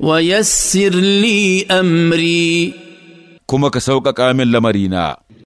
ويسر لي أمري كما كسوك كامل لمرينا